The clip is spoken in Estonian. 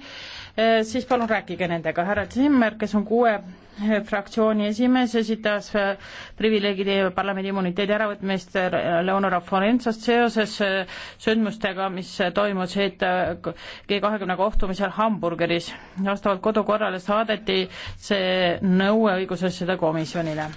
Eh, siis palun rääkige nendega. härra Zimmer, kes on kuue eh, fraktsiooni esimees, esitas eh, privileegide ja parlamendi immuniteedi äravõtmist Leonora Forensost seoses sündmustega, mis toimusid G kahekümne kohtumisel Hamburgeris. vastavalt kodukorrale saadeti see nõue õigusasjade komisjonile